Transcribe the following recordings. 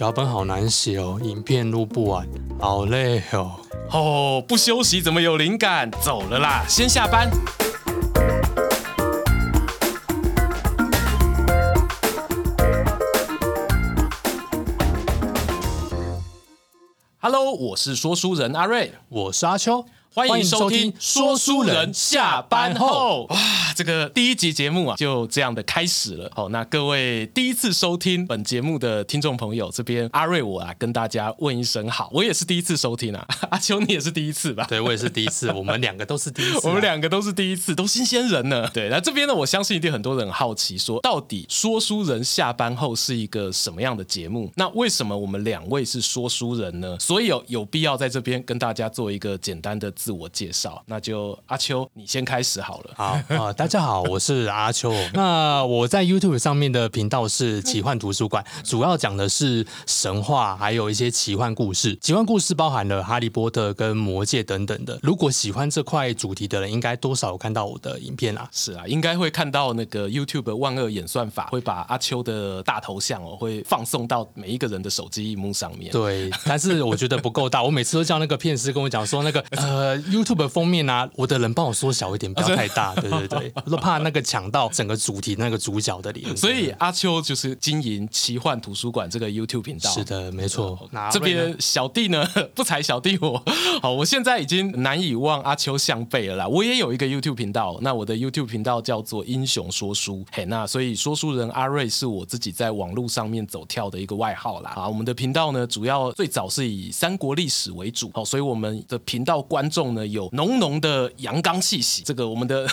腳本好難寫哦，影片錄不完，好累哦。Oh, 不休息怎麼有靈感？走了啦，先下班。 Hello，我是說書人阿瑞，我是阿秋。歡迎收聽說書人下班後。歡迎收聽《說書人下班後》，哇，這個第一集節目啊，就這樣的開始了。好、哦，那各位第一次收聽本節目的聽眾朋友，這邊阿瑞我啊，跟大家問一聲好。我也是第一次收聽啊，阿秋你也是第一次吧？對，我也是第一次， 我們兩個都是第一次，啊，我們兩個都是第一次，都新鮮人呢。對，那這邊呢，我相信一定很多人很好奇說，說到底《說書人下班後》是一個什麼樣的節目？那為什麼我們兩位是說書人呢？所以有、哦、有必要在這邊跟大家做一個簡單的。自我介紹，那就阿秋，你先開始好了。好啊，大家好，我是阿秋。 那我在 YouTube 上面的頻道是奇幻圖書館， 主要講的是神話，還有一些奇幻故事。奇幻故事包含了哈利波特跟魔戒等等的。如果喜歡這塊主題的人，應該多少有看到我的影片啊？是啊，應該會看到那個 YouTube 萬惡演算法會把阿秋的大頭像哦，會放送到每一個人的手機螢幕上面。對，但是我覺得不夠大， 我每次都叫那個片師跟我講說那個呃。 YouTube 封面啊，我的人幫我縮小一點，不要太大，啊、對對對，我 都怕那個搶到整個主題那個主角的臉。所以阿秋就是經營奇幻圖書館這個 YouTube 頻道，是的，沒錯。這邊小弟呢，不才小弟我，好，我現在已經難以望阿秋項背了啦。我也有一個 YouTube 頻道，那我的 YouTube 頻道叫做英雄說書。嘿，那所以說書人阿瑞是我自己在網絡上面走跳的一個外號啦。啊，我們的頻道呢，主要最早是以三國歷史為主，好，所以我們的頻道關注眾呢有濃濃的陽剛氣息，這個我們的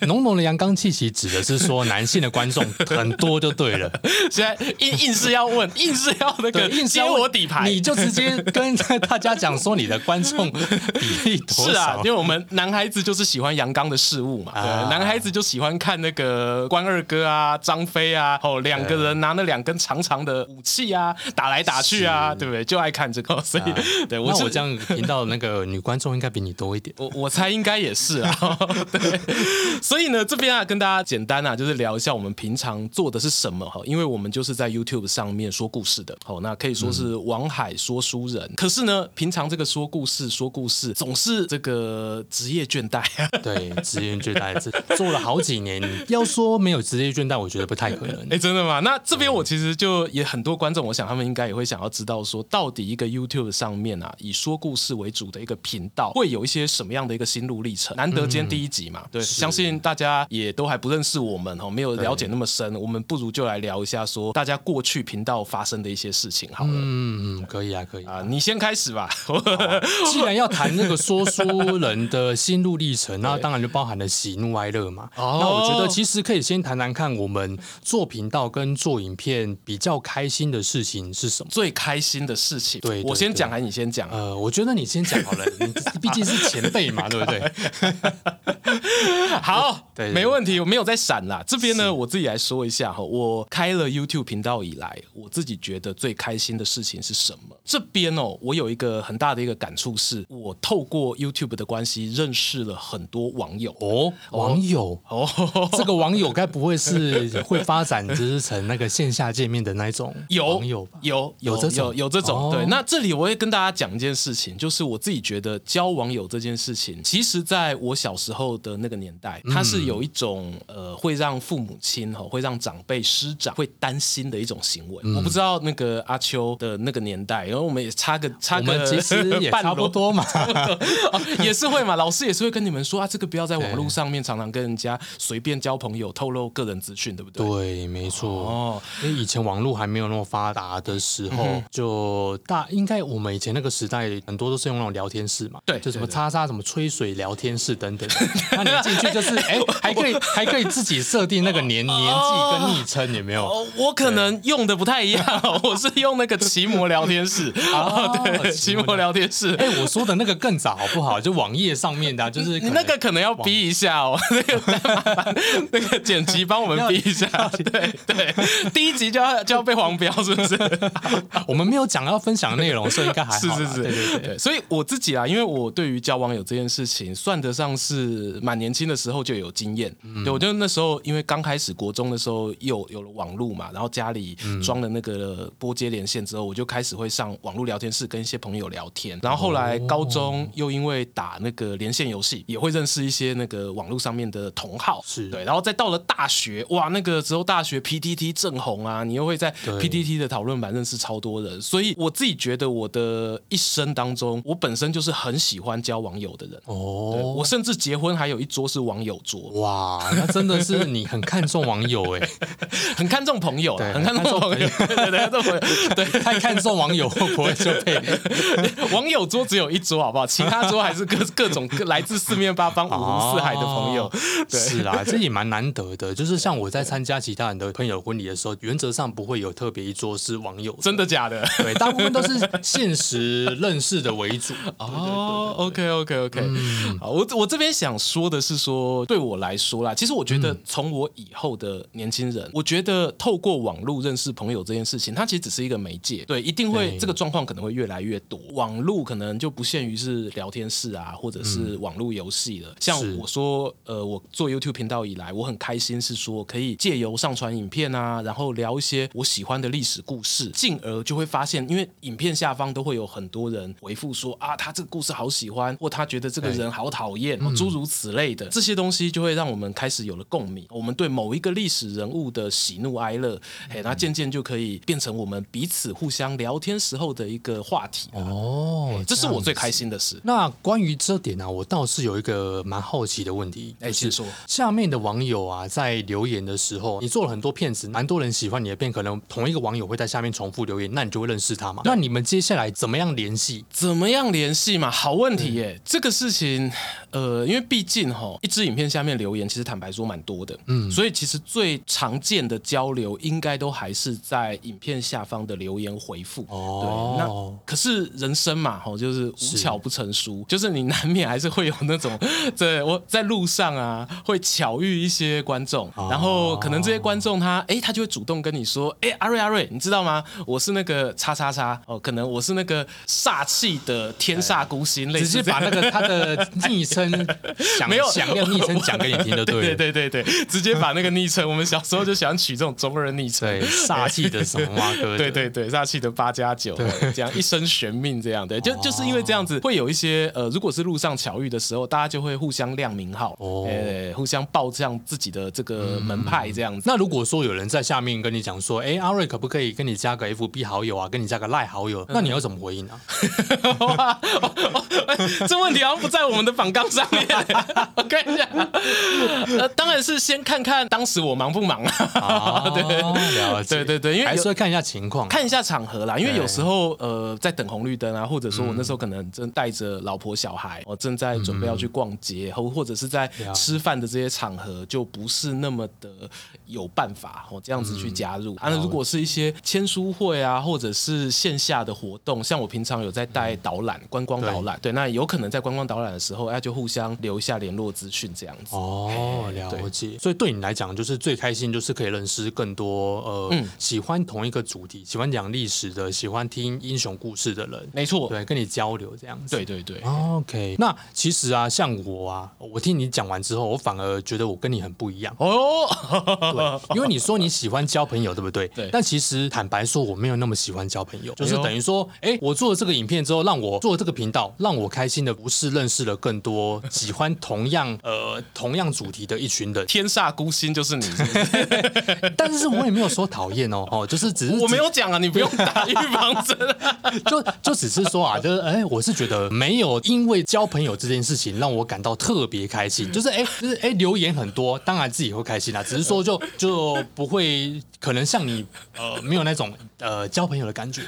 濃濃的陽剛氣息指的是說男性的觀眾很多就對了 現在硬硬是要問，硬是要那個揭我底牌，你就直接跟大家講說你的觀眾比例多少？是啊，因為我們男孩子就是喜歡陽剛的事物嘛，對啊，男孩子就喜歡看那個關二哥啊，張飛啊，哦，喔，兩個人拿那兩根長長的武器啊，打來打去啊，對不對？就愛看這個，所以，啊、對我那我這樣引導那個女觀眾應該比。你多一點 我，我我猜應該也是啊，對，所以呢，這邊啊，跟大家簡單啊，就是聊一下我們平常做的是什麼哈，因為我們就是在 YouTube 上面說故事的，好，那可以說是網海說書人。嗯。可是呢，平常這個說故事說故事，總是這個職業倦怠，啊，對，職業倦怠，這做了好幾年，要說沒有職業倦怠，我覺得不太可能。哎、欸欸，真的嗎？那這邊我其實就也很多觀眾，我想他們應該也會想要知道說，到底一個 YouTube 上面啊，以說故事為主的一個頻道會。有一些什麼樣的一個心路歷程？難得今天第一集嘛，嗯、對，相信大家也都還不認識我們哈，沒有了解那麼深，我們不如就來聊一下說大家過去頻道發生的一些事情好了。嗯，可以啊，可以啊，啊你先開始吧。 啊、既然要談那個說書人的心路歷程，那 當然就包含了喜怒哀樂嘛。那我覺得其實可以先談談看我們做頻道跟做影片比較開心的事情是什麼？ 最開心的事情？對,對,對,對，我先講還是你先講、啊？呃，我覺得你先講好了，你畢 竟。是前輩嘛，對不對？ 好，對，沒問題，我沒有在閃啦。這邊呢，我自己來說一下哈，我開了 YouTube 頻道以來，我自己覺得最開心的事情是什麼？這邊哦，我有一個很大的一個感觸，是我透過 YouTube 的關係認識了很多網友哦，網友哦，這個網友該不會是會發展只是成那個線下見面的那種？有，有，有這種，有，有這種、哦。對，那這裡我會跟大家講一件事情，就是我自己覺得交往。有這件事情，其實在我小時候的那個年代，嗯、它是有一種呃會讓父母親吼，會讓長輩師長會擔心的一種行為、嗯。我不知道那個阿秋的那個年代，因為我們也差個差個，其實也差不多嘛，不多嘛、 哦，也是會嘛，老師也是會跟你們說啊，這個不要在網絡上面常常跟人家隨便交朋友，透露個人資訊，對不對？對，沒錯哦，因為以前網絡還沒有那麼發達的時候，嗯、就大應該我們以前那個時代，很多都是用那種聊天室嘛，對，就是。什麼叉叉什麼吹水聊天室等等，那你進去就是哎、欸，還可以還可以自己設定那個年、 哦、年紀跟昵稱有沒有？我可能用的不太一樣、哦，我是用那個奇摩聊天室啊，對奇摩聊天室。哎、哦欸，我說的那個更早好不好？就網頁上面的、啊，就是你那個可能要逼一下哦，那個 那個剪輯幫我們逼一下，對對，對 第一集就要就要被黃標是不是？ 我們沒有講要分享內容，所以應該還好。是是是，對，對對對。所以我自己啊，因為我對。於交網友這件事情，算得上是蠻年輕的時候就有經驗、嗯，對我覺得那時候因為剛開始國中的時候又有了網路嘛，然後家裡裝了那個撥接連線之後、嗯，我就開始會上網絡聊天室跟一些朋友聊天，然後後來高中又因為打那個連線遊戲、哦、也會認識一些那個網絡上面的同好，是對，然後再到了大學哇，那個時候大學 PTT 正紅啊，你又會在 PTT 的討論版認識超多人，所以我自己覺得我的一生當中，我本身就是很喜歡。交網友的人哦，我甚至結婚還有一桌是網友桌哇，那真的是你很看重網友哎、欸， 很看重朋友，很看重朋友，對,對,對，太 看重網友會 不會就配？ 網友桌只有一桌好不好？其他桌還是各 各種來自四面八方、五湖四海的朋友。哦、對，是啦、啊、這也蠻難得的。就是像我在參加其他人的朋友婚禮的時候，原則上不會有特別一桌是網友，真的假的？對，大部分都是現實認識的為主哦。 對對對對 OK OK OK，嗯、好，我我這邊想說的是說，對我來說啦，其實我覺得從我以後的年輕人、嗯，我覺得透過網絡認識朋友這件事情，它其實只是一個媒介，對，一定會這個狀況可能會越來越多，網絡可能就不限於是聊天室啊，或者是網絡遊戲了、嗯。像我說，呃，我做 YouTube 頻道以來，我很開心是說可以借由上傳影片，啊，然後聊一些我喜歡的歷史故事，進而就會發現，因為影片下方都會有很多人回復說啊，他這個故事好喜歡。喜歡或他覺得這個人好討厭，諸、欸、如此類的、嗯、這些東西，就會讓我們開始有了共鳴。我們對某一個歷史人物的喜怒哀樂，嘿、嗯，那漸漸就可以變成我們彼此互相聊天時候的一個話題、啊、哦、欸這，這是我最開心的事。那關於這點呢、啊，我倒是有一個蠻好奇的問題。哎、欸，就是、說說下面的網友啊，在留言的時候，你做了很多片子，蠻多人喜歡你的片，可能同一個網友會在下面重複留言，那你就會認識他嘛？那你們接下來怎麼樣聯繫？怎麼樣聯繫嘛？好問題。體、嗯、耶，這個事情，呃，因為畢竟哈、哦，一支影片下面留言其實坦白說蠻多的，嗯，所以其實最常見的交流應該都還是在影片下方的留言回復。哦，對那可是人生嘛，哈，就是無巧不成書，就是你難免還是會有那種，對我在路上啊，會巧遇一些觀眾，哦、然後可能這些觀眾他，哎、哦，他就會主動跟你說，哎，阿、啊、瑞阿、啊、瑞，你知道嗎？我是那個叉叉叉，哦，可能我是那個煞氣的天煞孤星、哎、類似。直接把那個他的昵稱，沒有想要昵稱講給你聽就對了。對對對，對直接把那個昵稱， 我們小時候就想取這種中國人昵稱對，煞氣的什麼哥、啊， 對，對對對，煞氣的八加九，這樣一生懸命這樣的、哦，就就是因為這樣子，會有一些呃，如果是路上巧遇的時候，大家就會互相亮名號，呃、哦，互相報上自己的這個門派這樣子、嗯。那如果說有人在下面跟你講說，哎，阿瑞可不可以跟你加個 FB 好友啊，跟你加個賴好友，嗯、那你要怎麼回應呢、啊？ 這問題好像不在我們的訪綱上面 我看一下呃，當然是先看看當時我忙不忙啊、哦。對，對對對，因為還是會看一下情況、啊，看一下場合啦。因為有時候呃，在等紅綠燈啊，或者說我那時候可能正帶着老婆小孩，我、嗯哦、正在準備要去逛街，或、嗯、或者是在吃飯的這些場合，就不是那麼的有辦法，我、哦、這樣子去加入。嗯、啊，那如果是一些簽書會啊，或者是線下的活動，像我平常有在帶導覽、嗯、觀光導覽，對，對那。有可能在觀光導覽的時候，哎、啊，就互相留下聯絡資訊這樣子哦，了解。所以對你來講，就是最開心，就是可以認識更多呃、嗯，喜歡同一個主題、喜歡講歷史的、喜歡聽英雄故事的人。沒錯，對，跟你交流這樣子。對對對、哦，OK 對。那其實啊，像我啊，我聽你講完之後，我反而覺得我跟你很不一樣哦。 對，因為你說你喜歡交朋友，對不對？對。但其實坦白說，我沒有那麼喜歡交朋友，就是等於說，哎、欸，我做了這個影片之後，讓我做了這個頻道，讓我看。開心的不是認識了更多喜歡同樣呃同樣主題的一群人，天煞孤星就是你是不是？ 但是，我也沒有說討厭哦，哦，就是只是我沒有講啊，你不用打預防針啊。 就就只是說啊，就是哎，我是覺得沒有因為交朋友這件事情讓我感到特別開心，就是哎，就是哎，留言很多，當然自己會開心啊，只是說就就不會。可能像你，呃，沒有那種呃交朋友的感覺。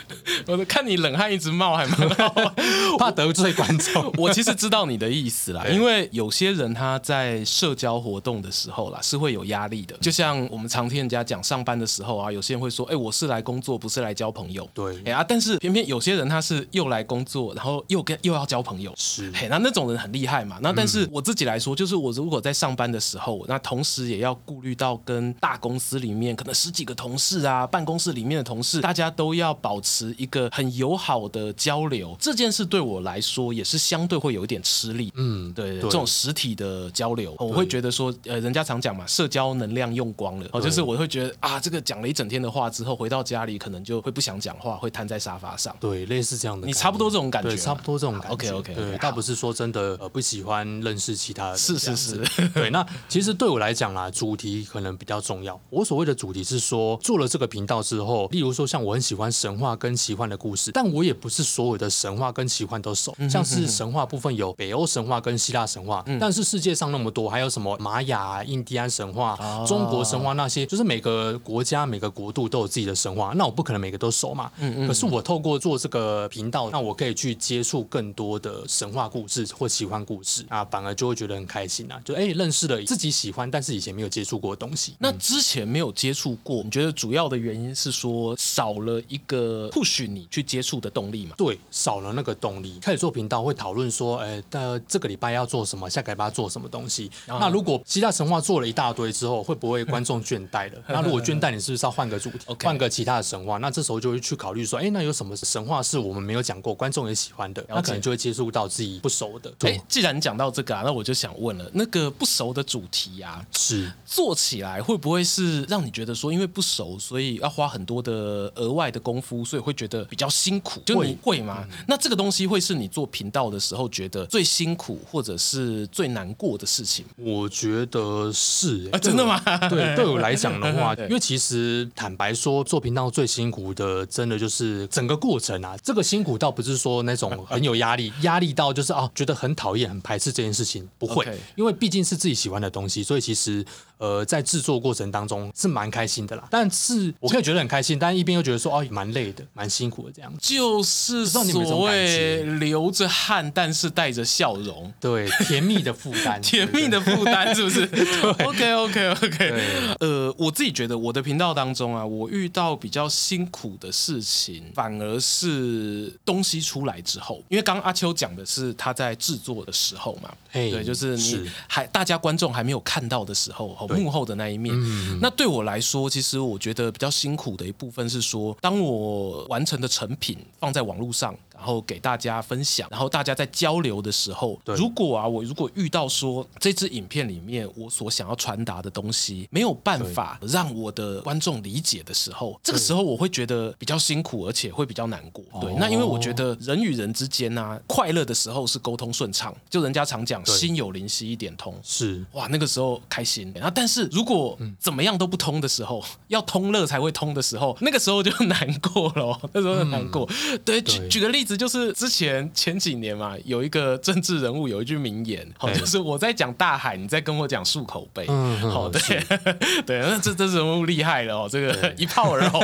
我看你冷汗一直冒還蠻好玩的，還 蠻怕得罪觀眾。我其實知道你的意思啦，因為有些人他在社交活動的時候啦，是會有壓力的。就像我們常聽人家講，上班的時候啊，有些人會說，哎、欸，我是來工作，不是來交朋友。對，哎、欸、啊，但是偏偏有些人他是又來工作，然後又跟又要交朋友。是，嘿、欸，那那種人很厲害嘛。那但是我自己來說，就是我如果在上班的時候，嗯、那同時也要顧慮到跟大公司裡面可能十幾。幾個同事啊，辦公室裡面的同事，大家都要保持一個很友好的交流。這件事對我來說也是相對會有一點吃力。嗯，對，對這種實體的交流，我會覺得說，呃，人家常講嘛，社交能量用光了哦，就是我會覺得啊，這個講了一整天的話之後，回到家裡可能就會不想講話，會癱在沙發上。對，類似這樣的，你差不多這種感覺，差不多這種感覺。OK OK，okay, okay, okay, okay 對，倒不是說真的，呃，不喜歡認識其他人，是是是。 對，那其實對我來講啦，主題可能比較重要。我所謂的主題是。說做了這個頻道之後，例如說像我很喜歡神話跟奇幻的故事，但我也不是所有的神話跟奇幻都熟。像是神話部分有北歐神話跟希臘神話，嗯哼哼，但是世界上那麼多，還有什麼瑪雅、啊、印第安神話、哦、中國神話那些，就是每個國家每個國度都有自己的神話，那我不可能每個都熟嘛。可是我透過做這個頻道，那我可以去接觸更多的神話故事或奇幻故事啊，反而就會覺得很開心啊。就哎，認識了自己喜歡，但是以前沒有接觸過的東西，嗯、那之前沒有接觸過。我覺得主要的原因是說，少了一個 push 你去接觸的動力嘛。對，少了那個動力。開始做頻道會討論說，哎，呃，這個禮拜要做什麼，下個禮拜要做什麼東西，哦。那如果其他神話做了一大堆之後，會不會觀眾倦怠了？ 那如果倦怠，你是不是要換個主題， okay. 換個其他的神話？那這時候就會去考慮說，哎，那有什麼神話是我們沒有講過，觀眾也喜歡的？Okay. 那可能就會接觸到自己不熟的。對、okay. 既然講到這個，啊，那我就想問了，那個不熟的主題啊，是做起來會不會是讓你覺得說，因為不熟，所以要花很多的額外的功夫，所以會覺得比較辛苦。會就你會嗎、嗯？那這個東西會是你做頻道的時候覺得最辛苦，或者是最難過的事情？我覺得是，啊、真的嗎？對，對我來講的話，因為其實坦白說，做頻道最辛苦的，真的就是整個過程啊。這個辛苦倒不是說那種很有壓力，壓力到就是啊，覺得很討厭、很排斥這件事情。不會，Okay. 因為畢竟是自己喜歡的東西，所以其實。呃，在製作過程當中是蠻開心的啦，但是我可以覺得很開心，但一邊又覺得說哦，蠻累的，蠻辛苦的這樣，就是所謂流着汗，但是帶着笑容，對，甜蜜的負擔， 甜蜜的負擔是不是 對？OK OK OK、啊。呃，我自己覺得我的頻道當中啊，我遇到比較辛苦的事情，反而是東西出來之後，因為剛剛阿秋講的是他在製作的時候嘛，hey, 對，就是你還大家觀眾還沒有看到的時候幕後的那一面。嗯，那對我來說，其實我覺得比較辛苦的一部分是說，當我完成的成品放在網絡上。然後給大家分享，然後大家在交流的時候，對，如果啊，我如果遇到說這支影片裡面我所想要傳達的東西沒有辦法讓我的觀眾理解的時候，這個時候我會覺得比較辛苦，而且會比較難過。對，哦、那因為我覺得人與人之間呢、啊，快樂的時候是溝通順暢，就人家常講心有靈犀一點通是哇，那個時候開心。那但是如果怎麼樣都不通的時候，要通了才會通的時候，那個時候就難過了，那時候就難過、嗯對。對，舉舉個例子。就是之前前幾年嘛，有一個政治人物有一句名言，好、欸，就是我在講大海，你在跟我講漱口杯，好、嗯喔，對， 對，那這這人物厲害了哦、喔，這個、嗯、一炮而紅，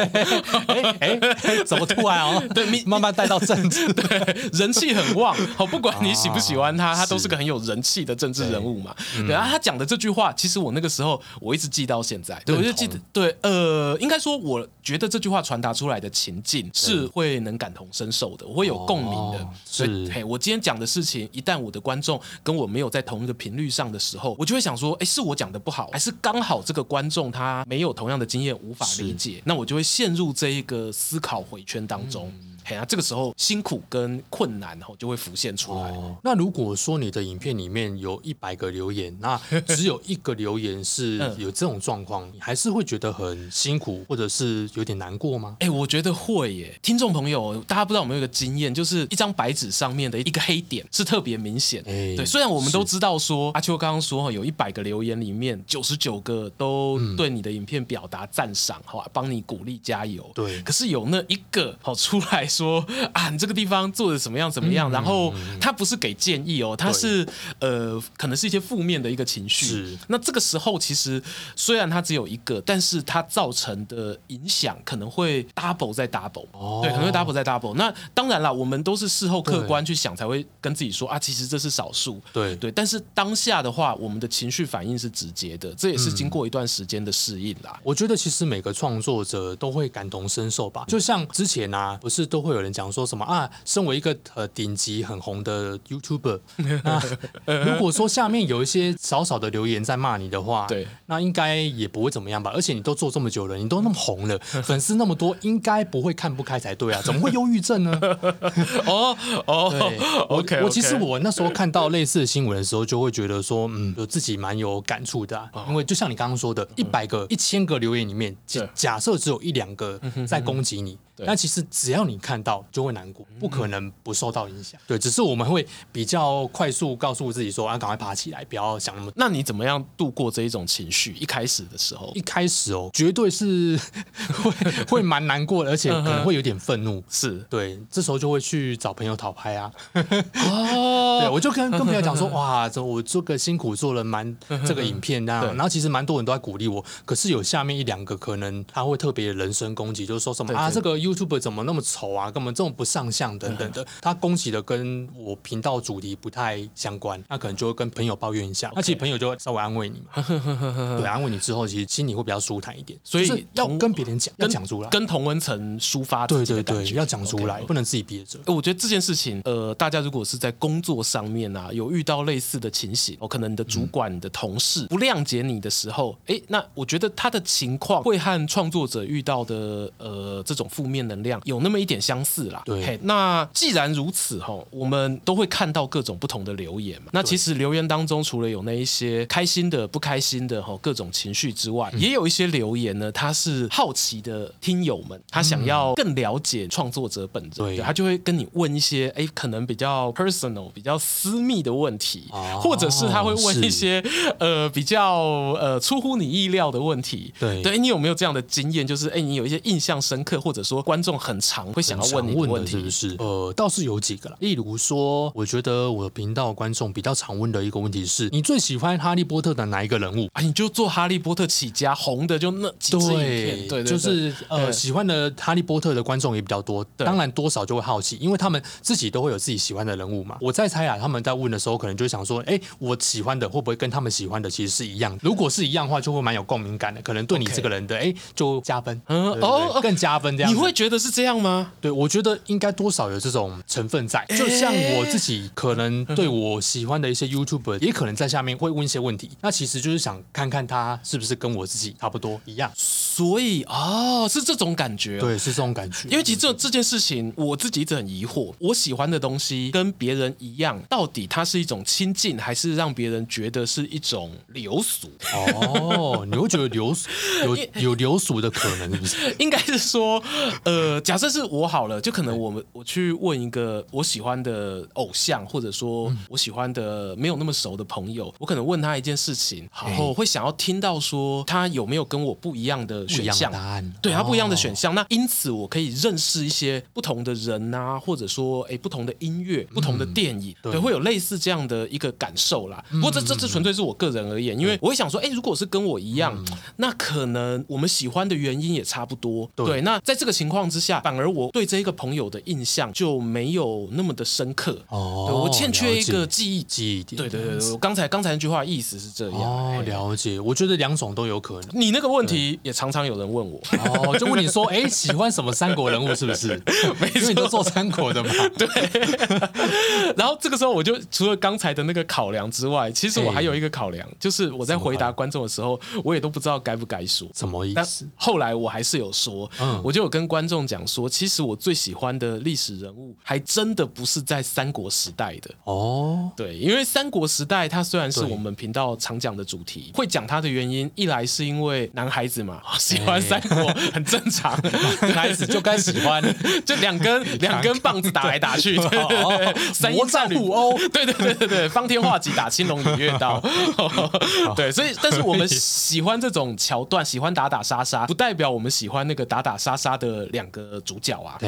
哎 哎、欸欸欸，怎麼突然哦、喔，對，慢慢帶到政治，對，人氣很旺，好，不管你喜不喜歡他，啊、他都是個很有人氣的政治人物嘛。然後、嗯啊、他講的這句話，其實我那個時候我一直記到現在，對，我就記得，對，呃，應該說，我覺得這句話傳達出來的情境是會能感同身受的，嗯、我會有共鳴的，哦、所以，我今天講的事情，一旦我的觀眾跟我沒有在同一個頻率上的時候，我就會想說，誒，是我講的不好，還是剛好這個觀眾他沒有同樣的經驗，無法理解？那我就會陷入這一個思考迴圈當中。嗯哎，這個時候辛苦跟困難吼就會浮現出來，哦。那如果說你的影片裡面有一百個留言，那只有一個留言是有這種狀況，嗯、你還是會覺得很辛苦或者是有點難過嗎？哎，我覺得會耶。聽眾朋友，大家不知道有沒有有一個經驗，就是一張白紙上面的一個黑點是特別明顯的。對，雖然我們都知道說阿秋、啊、剛剛說，有一百個留言裡面九十九個都對你的影片表達讚賞，好、嗯、吧，幫你鼓勵加油。對，可是有那一個好出來。說啊，你這個地方做的怎麼樣？怎麼樣、嗯？然後他不是給建議哦，他、嗯、是呃，可能是一些負面的一個情緒。是。那這個時候其實雖然他只有一個，但是它造成的影響可能會 double 再 double。哦。對，可能會 double 再 double。那當然啦，我們都是事後客觀去想，才會跟自己說啊，其實這是少數。對。對。但是當下的話，我們的情緒反應是直接的，這也是經過一段時間的適應啦。嗯、我覺得其實每個創作者都會感同身受吧，就像之前啊，不是都。會有人講說什麼啊？身為一個呃頂級很紅的 YouTuber， 啊、如果說下面有一些少少的留言在罵你的話，對，那應該也不會怎麼樣吧？而且你都做這麼久了，你都那麼紅了， 粉絲那麼多，應該不會看不開才對啊？怎麼會憂鬱症呢？哦 哦、 oh, oh,，OK，, okay. 我，我其實我那時候看到類似的新聞的時候，就會覺得說，嗯，我自己蠻有感觸的、啊，oh. 因為就像你剛剛說的，一百個、一千個留言裡面，假設只有一兩個在攻擊你。 那其實只要你看到就會難過，不可能不受到影響、嗯。對，只是我們會比較快速告訴自己說，啊，趕快爬起來，不要想那麼。那你怎麼樣度過這一種情緒？一開始的時候，一開始哦，絕對是會 會蠻難過的，而且可能會有點憤怒、嗯。是，對，這時候就會去找朋友討拍啊。哦，對，我就跟、嗯、跟朋友講說，哇，這我這個辛苦做了蠻這個影片啊、嗯嗯，然後其實蠻多人都在鼓勵我，可是有下面一兩個可能他會特別人身攻擊，就是說什麼啊，這個。YouTube 怎麼那麼醜啊？跟我們這麼不上相？等等的，他攻擊的跟我頻道主題不太相關，那可能就會跟朋友抱怨一下。Okay. 那其實朋友就會稍微安慰你嘛， 對，安慰你之後，其實心裡會比較舒坦一點。所以、就是、要跟別人講，跟講出來，跟同溫層抒發，對對對，要講出來，okay, okay. 不能自己憋着。我覺得這件事情，呃，大家如果是在工作上面啊，有遇到類似的情形，哦、呃，可能你的主管、嗯、你的同事不諒解你的時候，哎、欸，那我覺得他的情況會和創作者遇到的呃這種負面。能量有那麼一點相似啦。對，Hey, 那既然如此哦，我們都會看到各種不同的留言嘛。那其實留言當中，除了有那一些開心的、不開心的哦，各種情緒之外，嗯，也有一些留言呢，他是好奇的聽友們，他想要更了解創作者本人，嗯、對，對，他就會跟你問一些哎，可能比較 personal、比較私密的問題，哦，或者是他會問一些呃比較呃出乎你意料的問題。對對，你有沒有這樣的經驗？就是哎，你有一些印象深刻，或者說觀眾很常會想要問你問題，是不是？呃，倒是有幾個啦，例如說，我覺得我頻道的觀眾比較常問的一個問題是，你最喜歡《哈利波特》的哪一個人物？啊，你就做《哈利波特》起家，紅的就那幾支影片對,對,對,對，就是呃，喜歡的《哈利波特》的觀眾也比較多。當然多少就會好奇，因為他們自己都會有自己喜歡的人物嘛。我在猜啊，他們在問的時候，可能就想說，哎、欸，我喜歡的會不會跟他們喜歡的其實是一樣？如果是一樣的話，就會蠻有共鳴感的，可能對你這個人的哎、okay. 欸，就加分，嗯，對對對哦,哦，更加分這樣。你會會覺得是這樣嗎？對，我覺得應該多少有這種成分在，欸、就像我自己可能對我喜歡的一些 YouTuber，也可能在下面會問一些問題。那其實就是想看看他是不是跟我自己差不多一樣。所以哦，是這種感覺，對，是這種感覺。因為其實這這件事情，我自己一直很疑惑，我喜歡的東西跟別人一樣，到底它是一種親近，還是讓別人覺得是一種流俗？哦，你會覺得流俗，有，有流俗的可能，是不是？應該是說。呃，假設是我好了，就可能我們我去問一個我喜歡的偶像，或者說我喜歡的沒有那麼熟的朋友，我可能問他一件事情，然後會想要聽到說他有沒有跟我不一樣的選項、欸，對，他不一樣的選項、哦，那因此我可以認識一些不同的人啊，或者說哎、欸、不同的音樂、不同的電影、嗯對，對，會有類似這樣的一個感受啦。不過這、嗯、這這純粹是我個人而言，因為我會想說，哎、欸，如果是跟我一樣、嗯，那可能我們喜歡的原因也差不多。對，對那在這個情情況之下，反而我對這一個朋友的印象就沒有那麼的深刻哦，我欠缺一個記憶記憶點。對對對，對，我剛才剛才那句話意思是這樣哦、哎，了解。我覺得兩種都有可能。你那個問題也常常有人問我哦，就問你說，哎， 喜歡什麼三國人物？是不是？每次你都做三國的嘛？ 對。然後這個時候，我就除了剛才的那個考量之外，其實我還有一個考量，就是我在回答觀眾的時候，我也都不知道該不該說。什麼意思？但後來我還是有說，嗯、我就有跟觀。觀眾講說，其實我最喜歡的歷史人物，還真的不是在三國時代的哦。對，因為三國時代它雖然是我們頻道常講的主題，會講它的原因，一來是因為男孩子嘛，喜歡三國、欸、很正常，男孩子就該喜歡，就兩根兩根棒子打來打去， 對對對哦，哦。三國戰呂布。 對對對對對，方天畫戟打青龍偃月刀、 哦，對，所以，以但是我們喜歡這種橋段，喜歡打打殺殺，不代表我們喜歡那個打打殺殺的。兩個主角啊，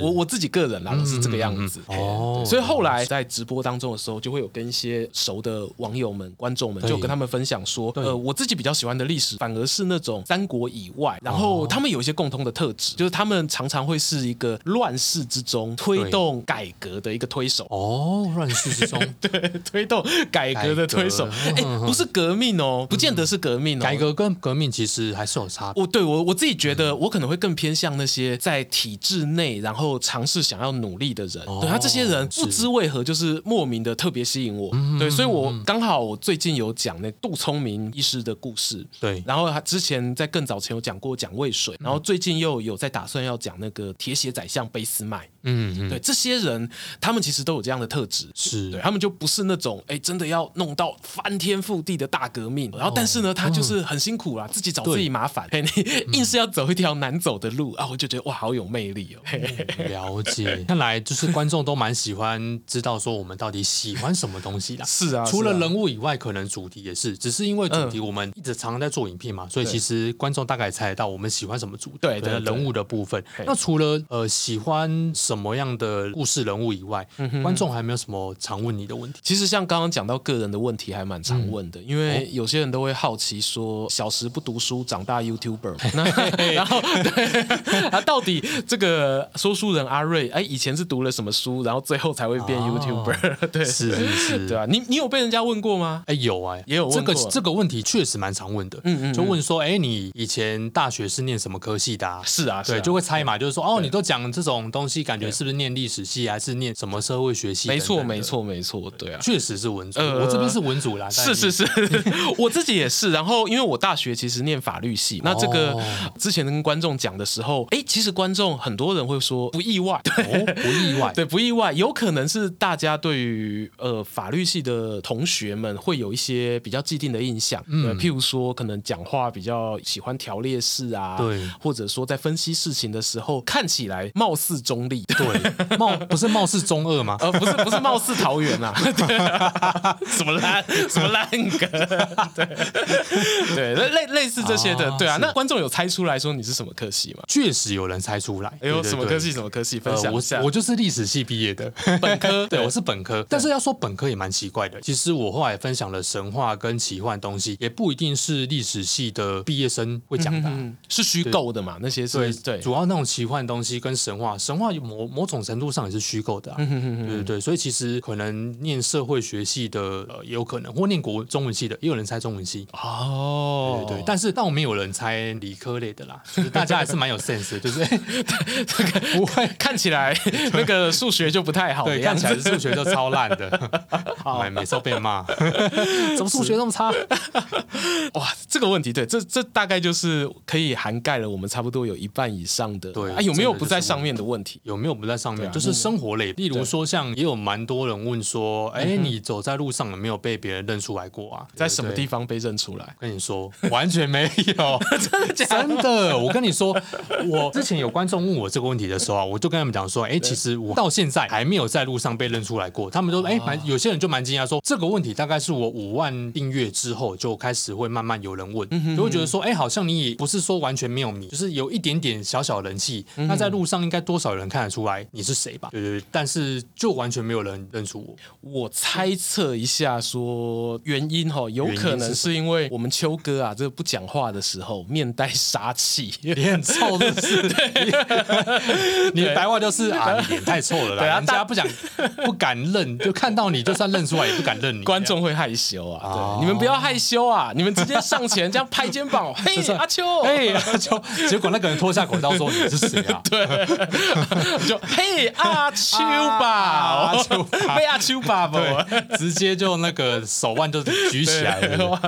我我自己個人啦，嗯、是這個樣子。哦、嗯。所以後來、嗯、在直播當中的時候，就會有跟一些熟的網友們、觀眾們，就跟他們分享說，呃，我自己比較喜歡的歷史，反而是那種三國以外，然後他們有一些共通的特質，哦、就是他們常常會是一個亂世之中推動改革的一個推手。哦，亂世之中， 對推動改革的推手，哎，不是革命哦，不見得是革命、哦嗯。改革跟革命其實還是有差別。我對我我自己覺得，我可能會更偏向那些。些在體制內，然後嘗試想要努力的人，對他這些人不知為何就是莫名的特別吸引我。哦、對，所以我剛好我最近有講那杜聰明醫師的故事，對，然後他之前在更早前有講過蔣渭水、嗯，然後最近又有在打算要講那個鐵血宰相俾斯麥。嗯嗯，對，這些人他們其實都有這樣的特質，是對，他們就不是那種哎真的要弄到翻天覆地的大革命，然後但是呢、哦、他就是很辛苦啦、啊嗯，自己找自己麻煩，誒你硬是要走一條難走的路、嗯、啊，我。就覺得哇，好有魅力哦！嗯、了解， 看來就是觀眾都蠻喜歡知道說我們到底喜歡什麼東西啦 是、啊。是啊，除了人物以外，可能主題也是，只是因為主題我們一直常常在做影片嘛，嗯、所以其實觀眾大概猜得到我們喜歡什麼主題的人物的部分。對對對，那除了呃喜歡什麼樣的故事人物以外，嗯、觀眾還沒有什麼常問你的問題？其實像剛剛講到個人的問題，還蠻常問的嗯嗯，因為有些人都會好奇說，小時不讀書，長大 YouTuber。 然後。對那、啊、到底這個說書人阿瑞，哎、欸，以前是讀了什麼書，然後最後才會變 YouTuber？哦、對，是對是，是，對啊，你你有被人家問過嗎？哎、欸，有哎、啊，也有問過這個這個問題確實蠻常問的，嗯嗯，嗯，就問說，哎、欸，你以前大學是念什麼科系的、啊？是啊，對是啊，就會猜嘛，就是說，哦，你都講這種東西，感覺是不是念歷史系還是念什麼社會學系等等？沒錯，沒錯，沒錯，對啊，確實是文組，呃，我這邊是文組啦，是是是， 我自己也是。然後，因為我大學其實念法律系，哦，那這個之前跟觀眾講的時候，哎、欸。其實觀眾很多人會說不意外，不意外， 對，不意外，有可能是大家對於呃法律系的同學們會有一些比較既定的印象，嗯，譬如說可能講話比較喜歡條列式啊，對，或者說在分析事情的時候看起來貌似中立，對， 貌不是貌似中二嗎？呃，不是不是貌似桃園啊， 啊，什麼爛什麼爛梗，對對，類類似這些的，哦、對啊，那觀眾有猜出來說你是什麼科系嗎？確實。只有人猜出來，有、哎、什麼科系什麼科系分享、呃、我我就是歷史系畢業的 本科，對，我是本科。但是要說本科也蠻奇怪的，其實我後來分享了神話跟奇幻東西，也不一定是歷史系的畢業生會講的、啊嗯哼哼哼，是虛構的嘛？那些是對，對，對，主要那種奇幻東西跟神話，神話某某種程度上也是虛構的、啊嗯哼哼哼，對對。所以其實可能念社會學系的呃也有可能，或念國中文系的也有人猜中文系哦，對，對對。但是但我沒有人猜理科類的啦， 大家還是蠻有 sense。對對、就是欸，這個不會看，看起來那個數學就不太好。對看起來數學就超爛的。每次都被罵，怎麼數學那麼差？哇，這個問題對，這這大概就是可以涵蓋了我們差不多有一半以上的。對，啊，有沒有不在上面的問題？問有沒有不在上面？就是生活類，例如說，像也有蠻多人問說，哎、欸，你走在路上有沒有被別人認出來過啊對對對？在什麼地方被認出來？跟你說， 完全沒有， 真的假的？ 真的，我跟你說，我。之前有觀眾問我這個問題的時候啊，我就跟他們講說，哎、欸，其實我到現在還沒有在路上被認出來過。他們都，哎、欸，哎，蠻，有些人就蠻驚訝，說這個問題大概是我五萬訂閱之後就開始會慢慢有人問，就、嗯、會覺得說，哎、欸，好像你也不是說完全沒有你，就是有一點點小小人氣、嗯。那在路上應該多少人看得出來你是誰吧？嗯、對，對對。但是就完全沒有人認出我。我猜測一下說原因齁，有可能是因為我們秋哥啊，這個不講話的時候面帶殺氣，臉 臭的。對，你白話就是啊，臉太臭了啦，大家不想不敢認，就看到你就算認出來也不敢認你。觀眾會害羞啊，你們不要害羞啊，你們直接上前這樣拍肩膀，嘿阿秋，嘿阿秋，結果那個人脫下口罩說你是誰啊？對，就嘿阿秋吧，阿秋，嘿阿秋吧，對，直接就那個手腕就舉起來了，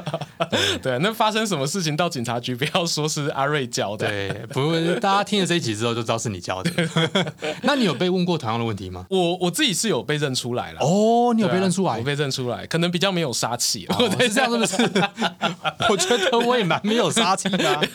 對，那發生什麼事情到警察局不要說是阿瑞教的，對，不是大。他聽了這一集之後就知道是你教的， 那你有被問過同樣的問題嗎？我我自己是有被認出來了哦，你有被認出來、啊？我被認出來，可能比較沒有殺氣、喔哦。我是這樣是不是？ 我覺得我也蠻沒有殺氣的。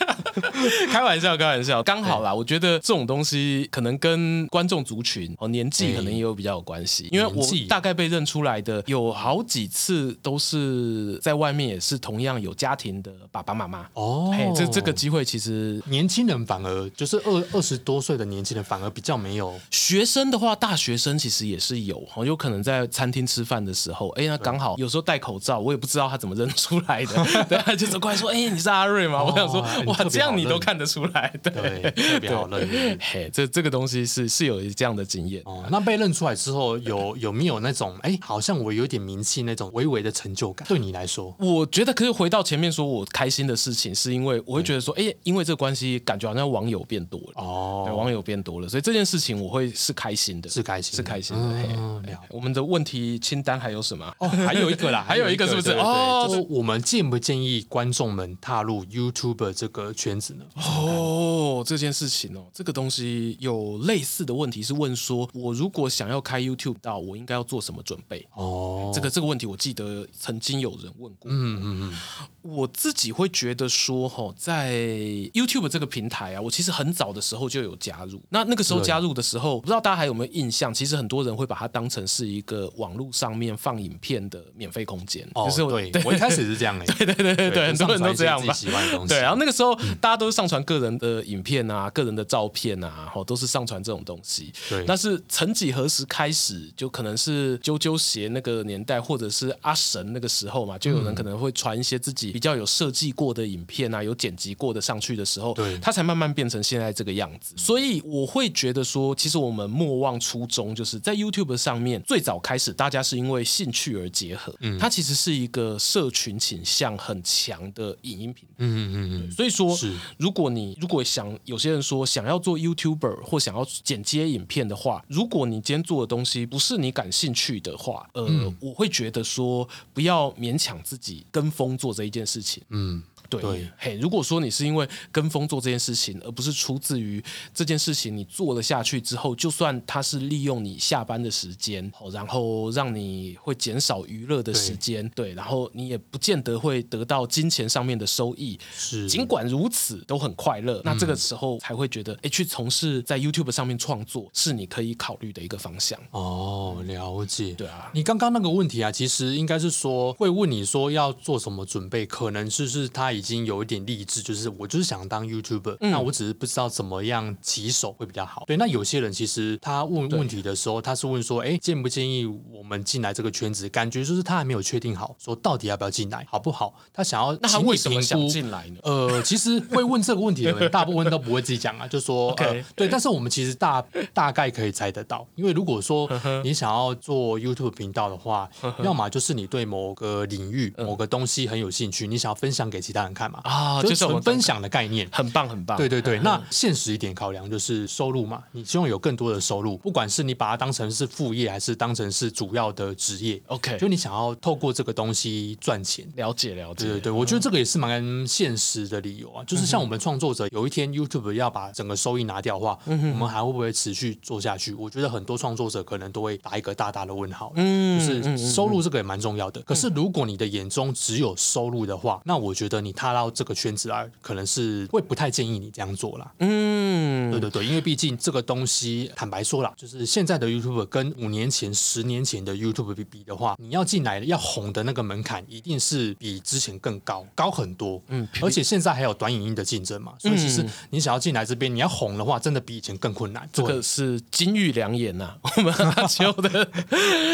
開玩笑，開玩笑，剛好啦。我覺得這種東西可能跟觀眾族群哦年紀可能也有比較有關係、欸，因為我大概被認出來的有好幾次都是在外面也是同樣有家庭的爸爸媽媽哦。嘿，這這個機會其實年輕人反而就是。這二二十多歲的年輕人反而比較沒有。學生的話，大學生其實也是有有可能在餐廳吃飯的時候，哎、欸，那剛好有時候戴口罩，我也不知道他怎麼認出來的， 對，他就是快說，哎、欸，你是阿瑞嗎？哦、我想說，哦哎、哇，這樣你都看得出來，對，對特別好認。嘿，這這個東西是是有這樣的經驗哦、嗯。那被認出來之後，有有沒有那種哎、欸，好像我有點名氣那種微微的成就感？對你來說，我覺得可以回到前面說我開心的事情，是因為我會覺得說，哎、欸，因為這個關係，感覺好像網友變。多了哦、oh.，網友變多了，所以這件事情我會是開心的，是開心的，是開心的、嗯欸欸。我們的問題清單還有什麼？哦、oh,，還有一個啦， 還有一個是不是？哦，對對對 oh, 就是我們建不建議觀眾們踏入 YouTube 這個圈子呢？哦、oh,，這件事情哦、喔，這個東西有類似的問題是問說，我如果想要開 YouTube 頻道，我應該要做什麼準備？哦、oh.，這個這個問題我記得曾經有人問過。嗯嗯嗯，我自己會覺得說，哈，在 YouTube 這個平台啊，我其實很。早的時候就有加入，那那個時候加入的時候，不知道大家還有沒有印象？其實很多人會把它當成是一個網絡上面放影片的免費空間。哦、就是，對，我一開始是這樣的、欸、對對對對，對，對，很，多對很多人都這樣吧？對，然後那個時候、嗯、大家都上傳個人的影片啊、個人的照片啊，哦，都是上傳這種東西。對，但是曾幾何時開始，就可能是啾啾鞋那個年代，或者是阿神那個時候嘛，就有人可能會傳一些自己比較有設計過的影片啊、有剪輯過的上去的時候，對，它才慢慢變成。現在這個樣子，所以我會覺得說，其實我們莫忘初衷，就是在 YouTube 上面最早開始，大家是因為興趣而結合。它其實是一個社群傾向很強的影音平台。嗯嗯嗯。所以說，是如果你如果想有些人說想要做 YouTuber 或想要剪接影片的話，如果你今天做的東西不是你感興趣的話，呃，我會覺得說不要勉強自己跟風做這一件事情。嗯。對，對，嘿，如果說你是因為跟風做這件事情，而不是出自於這件事情你做了下去之後，就算它是利用你下班的時間，哦，然後讓你會減少娛樂的時間，對，對，然後你也不見得會得到金錢上面的收益，是，盡管如此都很快樂，嗯，那這個時候才會覺得，哎，去從事在 YouTube 上面創作是你可以考慮的一個方向。哦，了解，對啊，你剛剛那個問題啊，其實應該是說會問你說要做什麼準備，可能就是他一。已經有一點勵志，就是我就是想當 YouTuber，嗯、那我只是不知道怎麼樣起手會比較好。對，那有些人其實他問問題的時候，他是問說：“哎、欸，建不建議我們進來這個圈子？”感覺就是他還沒有確定好，說到底要不要進來，好不好？他想要，那他為什麼想進來呢？呃，其實會問這個問題的人，大部分都不會自己講啊， 就說、okay. 呃、對。”但是我們其實大大概可以猜得到，因為如果說你想要做 YouTube 頻道的話， 要麼就是你對某個領域、某個東西很有興趣，嗯、你想要分享給其他人。看嘛啊，就是分享的概念，哦、很棒很棒。對對對、嗯，那現實一點考量，就是收入嘛，你希望有更多的收入，不管是你把它當成是副業，還是當成是主要的職業。OK，就你想要透過這個東西賺錢。了解了解。對對對，我覺得這個也是蠻現實的理由啊、嗯。就是像我們創作者，有一天 YouTube 要把整個收益拿掉的話、嗯，我們還會不會持續做下去？我覺得很多創作者可能都會打一個大大的問號。嗯，就是收入這個也蠻重要的。嗯、可是如果你的眼中只有收入的話，那我覺得你踏到這個圈子來，可能是會不太建議你這樣做啦。嗯。嗯，對對對，因為畢竟這個東西，坦白說了，就是現在的 YouTube 跟五年前、十年前的 YouTube 比，比的話，你要進來要紅的那個門檻，一定是比之前更高，高很多。嗯，而且現在還有短影音的競爭嘛，嗯，所以其實你想要進來這邊，你要紅的話，真的比以前更困難。這個是金玉良言吶，我們阿秋的。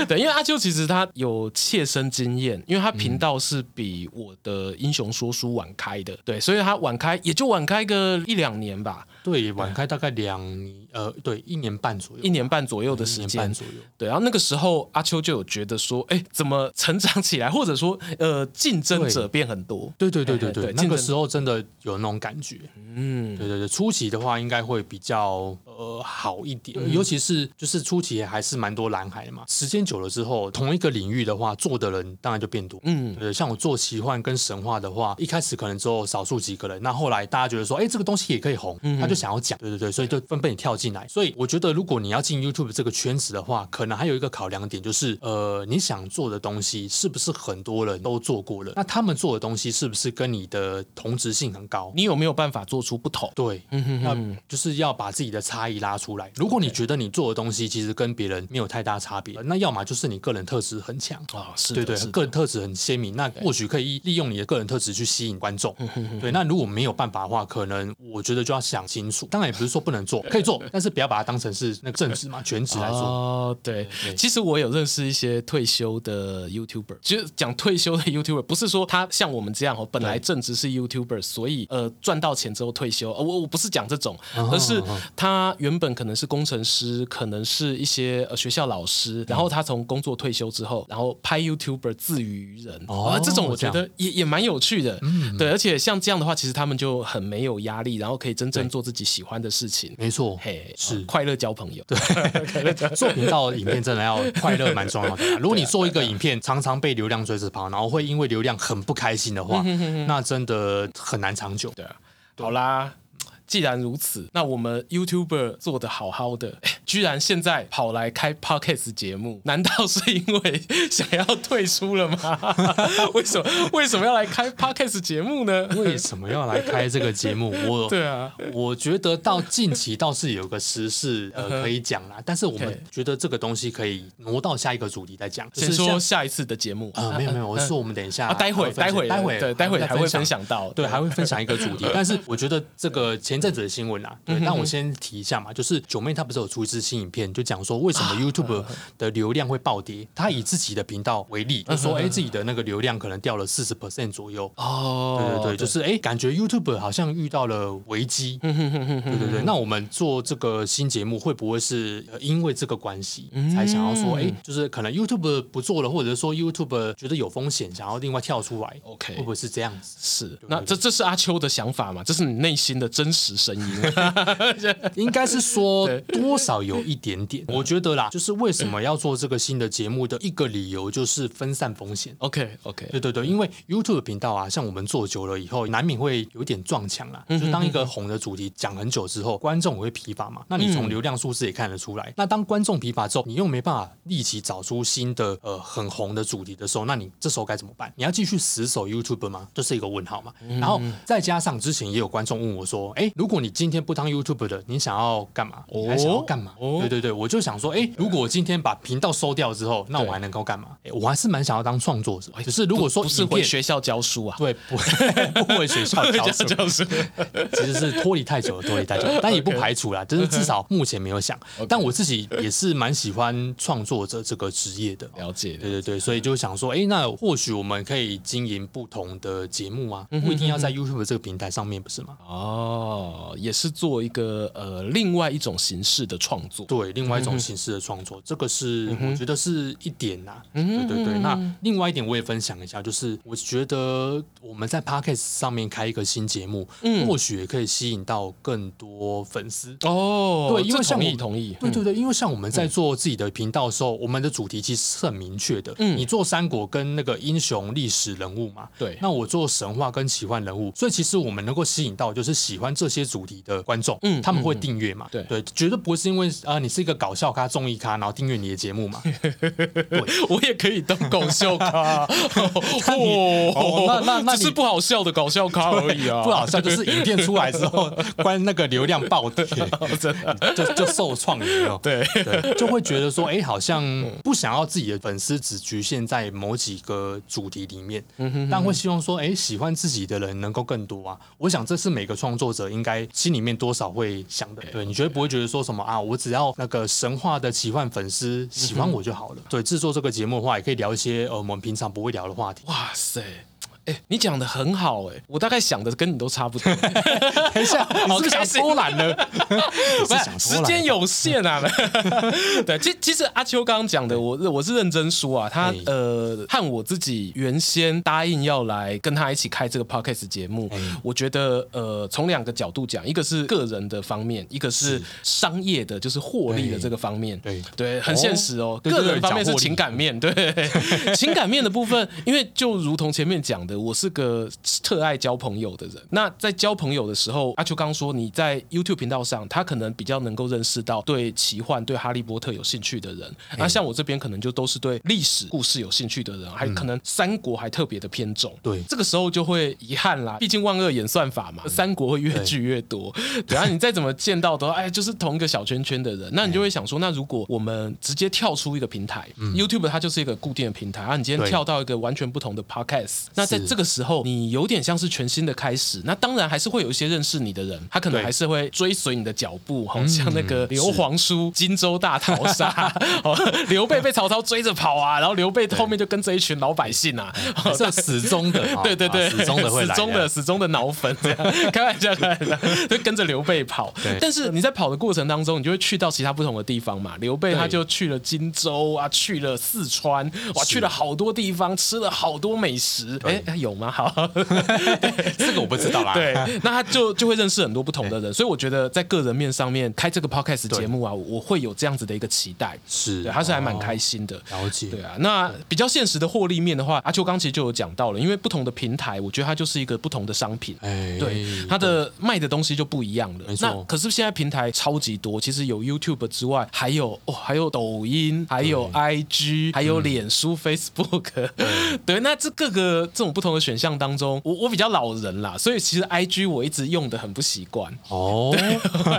對，因為阿秋其實他有切身經驗，因為他頻道是比我的英雄說書晚開的，對，所以他晚開也就晚開個一兩年吧。對，晚開大概兩年，呃，對，一年半左右，一年半左右的時間，嗯、一年半左右。對，然後那個時候阿秋就有覺得說，哎，怎麼成長起來？或者說，呃，競爭者變很多。對對對對對，對，嘿嘿嘿，對，那個時候真的有那種感覺。嗯，對對對，初期的話應該會比較。呃，好一點，嗯，尤其是就是初期還是蠻多藍海的嘛。時間久了之後，同一個領域的話，做的人當然就變多。嗯，對，像我做奇幻跟神話的話，一開始可能只有少數幾個人，那後來大家覺得說，哎，這個東西也可以紅，他就想要講，對對對，所以就紛紛跳進來。所以我覺得，如果你要進 YouTube 這個圈子的話，可能還有一個考量點就是，呃，你想做的東西是不是很多人都做過了？那他們做的東西是不是跟你的同質性很高？你有沒有辦法做出不同？對，嗯哼，就是要把自己的差。一拉出來，如果你覺得你做的東西其實跟別人沒有太大差別，那要麼就是你個人特質很強啊，哦、是對，對對，個人特質很鮮明，那或許可以利用你的個人特質去吸引觀眾。對，那如果沒有辦法的話，可能我覺得就要想清楚。當然也不是說不能做，可以做，但是不要把它當成是那個正職嘛，全職來做、哦。對，其實我有認識一些退休的 YouTuber，其實講退休的 YouTuber 不是說他像我們這樣哦，本來正職是 YouTuber，所以呃賺到錢之後退休。我我不是講這種，而是他。原本可能是工程師，可能是一些學校老師，嗯、然後他從工作退休之後，然後拍 YouTube 自娛娛人，哦，這種我覺得也也，也蠻有趣的、嗯，對，而且像這樣的話，其實他們就很沒有壓力，然後可以真正做自己喜歡的事情，沒錯，嘿、hey, 哦，是快樂交朋友，對、啊， 做頻道影片真的要快樂 蠻重要的、啊。如果你做一個影片、啊啊，常常被流量追着跑，然後會因為流量很不開心的話，嗯、哼哼哼那真的很難長久。對、啊對啊，好啦。既然如此，那我們 YouTuber 做得好好的、欸，居然現在跑來開 Podcast 節目，難道是因為想要退出了嗎？為什麼為什麼要來開 Podcast 節目呢？為什麼要來開這個節目？我對啊，我覺得到近期倒是有個時事呃可以講啦，但是我們覺得這個東西可以挪到下一個主題再講。先說下一次的節目、嗯嗯嗯嗯、啊，沒有沒有，我是說我們等一下，待會待會待會待會還會分享到，對，還會分享一個主題。但是我覺得這個前。前陣子的新聞啦、啊。對，那我先提一下嘛，就是 Joeman 她不是有出一支新影片，就講說為什麼 YouTube 的流量會暴跌。她以自己的頻道為例，就是、說哎、欸，自己的那個流量可能掉了四十 percent 左右。哦，對對對，就是哎、欸，感覺 YouTube 好像遇到了危機。對對對，那我們做這個新節目會不會是因為這個關係才想要說哎、欸，就是可能 YouTube 不做了，或者說 YouTube 覺得有風險，想要另外跳出來？OK，會不會是這樣子？是，對對對，那這這是阿秋的想法嘛？這是你內心的真實聲 音應該是說多少有一點點，我覺得啦，就是為什麼要做這個新的節目的一個理由，就是分散風險。OK OK，對對對，因為 YouTube 頻道啊，像我們做久了以後，難免會有點撞牆啦。就是當一個紅的主題講很久之後，觀眾會疲乏嘛。那你從流量數字也看得出來，那當觀眾疲乏之後，你又沒辦法立即找出新的呃很紅的主題的時候，那你這時候該怎麼辦？你要繼續死守 YouTube 嗎？這是一個問號嘛。然後再加上之前也有觀眾問我說，哎。如果你今天不當 YouTuber 的，你想要幹嘛，還想要幹嘛？哦，對對對，我就想說，哎、欸，如果我今天把頻道收掉之後，那我還能夠幹嘛，欸？我還是蠻想要當創作者，只是如果說、欸、不不是回學校教書啊，對，不 不回學校教、教書，其實是脫離太久了，脫離太久了，但也不排除啦。Okay. 就是至少目前沒有想，okay. 但我自己也是蠻喜歡創作者這個職業的了，了解。對對對，所以就想說，哎、欸，那或許我們可以經營不同的節目啊，不一定要在 YouTube 這個平台上面，不是嗎？哦。呃，也是做一個呃，另外一種形式的創作，對，另外一種形式的創作、嗯，這個是、嗯、我覺得是一點吶、啊嗯，對對對。那另外一點我也分享一下，就是我覺得我們在 Podcast 上面開一個新節目，嗯、或許也可以吸引到更多粉絲哦。對，因為像我同意同意，對，對對對，因為像我們在做自己的頻道的時候、嗯，我們的主題其實是很明確的。嗯，你做三國跟那個英雄歷史人物嘛，對，那我做神話跟奇幻人物，所以其實我們能夠吸引到就是喜歡這些。些主題的觀眾，嗯，他們會訂閱嘛？嗯、對，絕對不是因為啊、呃，你是一個搞笑咖、綜藝咖，然後訂閱你的節目嘛？對 我也可以當搞笑咖， 哦，那哦那那，那、就是不好笑的搞笑咖而已啊，不好笑就是影片出來之後， 關那個流量暴跌， 就就受創了。對，就會覺得說，哎，好像不想要自己的粉絲只局限在某幾個主題裡面，嗯、哼哼但會希望說，哎，喜歡自己的人能夠更多啊。我想這是每個創作者應。該心裡面多少會想的，對，你絕對不會覺得說什麼啊？我只要那個神話的奇幻粉絲喜歡我就好了。嗯、對，製作這個節目的話，也可以聊一些呃我們平常不會聊的話題。哇塞！哎、欸，你講得很好哎、欸，我大概想的跟你都差不多、欸。 等一下，老 不是想偷懶了？ 開心 不是，時間有限啊。 對，其其實阿秋剛剛講的，我我是認真說啊。他呃，和我自己原先答應要來跟他一起開這個 Podcast 節目，我覺得呃，從兩個角度講，一個是個人的方面，一個是商業的，就是獲利的這個方面。對對，對，很現實、喔、哦。個人方面是情感面，對，對情感面的部分，因為就如同前面講的。我是個特愛交朋友的人。那在交朋友的時候，阿、啊、秋剛說你在 YouTube 頻道上，他可能比較能夠認識到對奇幻、對哈利波特有興趣的人。那、欸啊、像我這邊可能就都是對歷史故事有興趣的人，還可能三國還特別的偏重。對、嗯，這個時候就會遺憾啦。畢竟萬惡演算法嘛，嗯、三國會越聚越多。對，對，對 啊，你再怎麼見到都哎，就是同一個小圈圈的人。那你就會想說，嗯、那如果我們直接跳出一個平台、嗯，YouTube 它就是一個固定的平台啊。你今天跳到一個完全不同的 Podcast，那在這個時候，你有點像是全新的開始。那當然還是會有一些認識你的人，他可能還是會追隨你的腳步。好、哦、像那個劉皇叔荊州大逃殺、 哦，劉備被曹操追着跑啊，然後劉備後面就跟着一群老百姓啊，哦、這死忠的、哦，對對對，死、啊、忠，忠的，死忠的，死忠的腦粉這樣，開玩笑，開玩笑，就跟着劉備跑。但是你在跑的過程當中，你就會去到其他不同的地方嘛。劉備他就去了荊州啊，去了四川，哇，去了好多地方，吃了好多美食，哎。有嗎？好， 這個我不知道啦。對，那他就就會認識很多不同的人，欸，所以我覺得在個人面上面開這個 Podcast 節目啊，我會有這樣子的一個期待。是、啊對，他是還蠻開心的，了解。對啊，那比較現實的獲利面的話，阿秋剛其實就有講到了，因為不同的平台，我覺得它就是一個不同的商品。哎、欸，對，它的賣的東西就不一樣了。沒錯。那可是現在平台超級多，其實有 YouTube 之外，還有哦，還有抖音，還有 IG，還有臉書、嗯、Facebook 對。對，那這各個這種不同的選項當中，我我比較老人啦，所以其實 I G 我一直用的很不習慣哦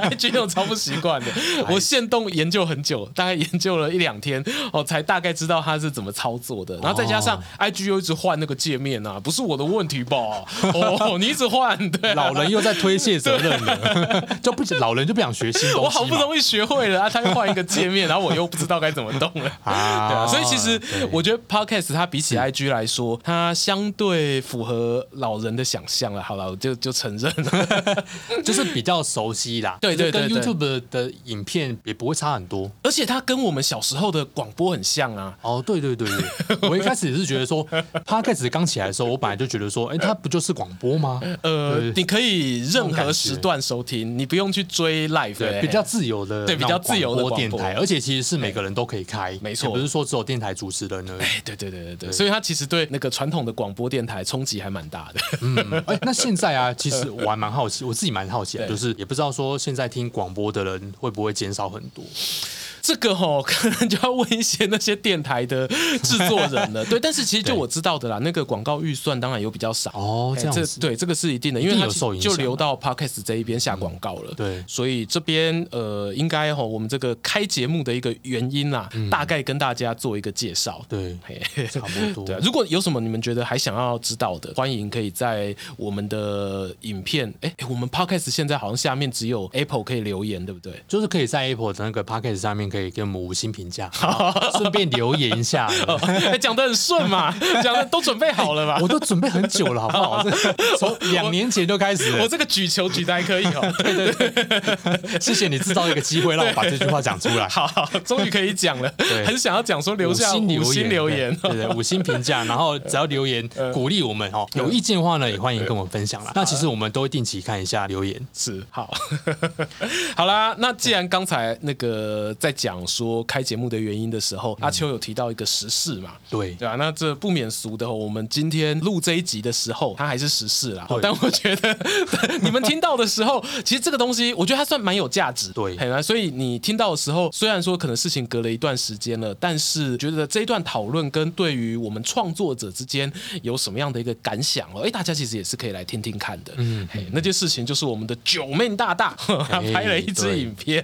，I G 我超不習慣的，我限動研究很久，大概研究了一兩天哦，才大概知道它是怎麼操作的。然後再加上 I G 又一直換那個界面啊，不是我的問題吧？哦、oh, 你一直換，對、啊，老人又在推卸責任了， 就不想老人就不想學新東西。我好不容易學會了啊，他又換一個界面，然後我又不知道該怎麼動了，oh. 對啊。所以其實我覺得 podcast 它比起 I G 來說，它相對。對，符合老人的想象了，好了，我就就承認了， 就是比較熟悉啦。對對對，對，跟 YouTube 的影片也不會差很多，而且它跟我們小時候的廣播很像啊。哦，對對對對，我一開始也是覺得說，Podcast 開始剛起來的時候，我本來就覺得說，哎、欸，它不就是廣播嗎？呃，你可以任何時段收聽，你不用去追 Live，對，比較自由的，對，比較自由的廣播電台播，而且其實是每個人都可以開，沒錯，不是說只有電台主持人而已。對對對對對，對，對，所以他其實對那個傳統的廣播電。台衝擊還蠻大的，嗯，哎，那現在啊，其實我還蠻好奇，我自己蠻好奇的，就是也不知道說現在聽廣播的人會不會減少很多。這個哦，可能就要問一些那些電台的製作人了。 對，但是其實就我知道的啦，那個廣告預算當然有比較少哦。這樣子、欸這。對，這個是一定的，定有啊、因為他就留到 Podcast 這一邊下廣告了、嗯。對，所以這邊呃，應該哈、哦，我們這個開節目的一個原因啦、啊嗯，大概跟大家做一個介紹。對嘿嘿，差不多。對，如果有什麼你們覺得還想要知道的，歡迎可以在我們的影片哎、欸，我們 Podcast 現在好像下面只有 Apple 可以留言，對不對？就是可以在 Apple 的那個 Podcast 上面可以。可以給我們五星評價，好，順便留言一下。哦欸、講的很順嘛？ 講的都準備好了吧？欸？我都準備很久了，好不好？好，這從兩年前就開始了我。我這個舉球舉得還可以、哦。對對對， 謝謝你製造一個機會讓我把這句話講出來。好，好，終於可以講了，很想要講說留下五星留言、五星留言對，對對，五星評價， 然後只要留言鼓勵我們、嗯、哦。有意見的話呢對對對，也歡迎跟我們分享了。那其實我們都會定期看一下留言，是，好。 好啦，那既然剛才那個在講。講說開節目的原因的時候，阿、嗯、秋、啊、有提到一個時事嘛，對對啊，那這不免俗的，我們今天錄這一集的時候，它還是時事啦。但我覺得 你們聽到的時候，其實這個東西，我覺得還算蠻有價值，對，嘿所以你聽到的時候，雖然說可能事情隔了一段時間了，但是覺得這一段討論跟對於我們創作者之間有什麼樣的一個感想？哎，大家其實也是可以來聽聽看的。嗯，嗯嘿，那件事情就是我們的 Joeman 大大拍了一支影片，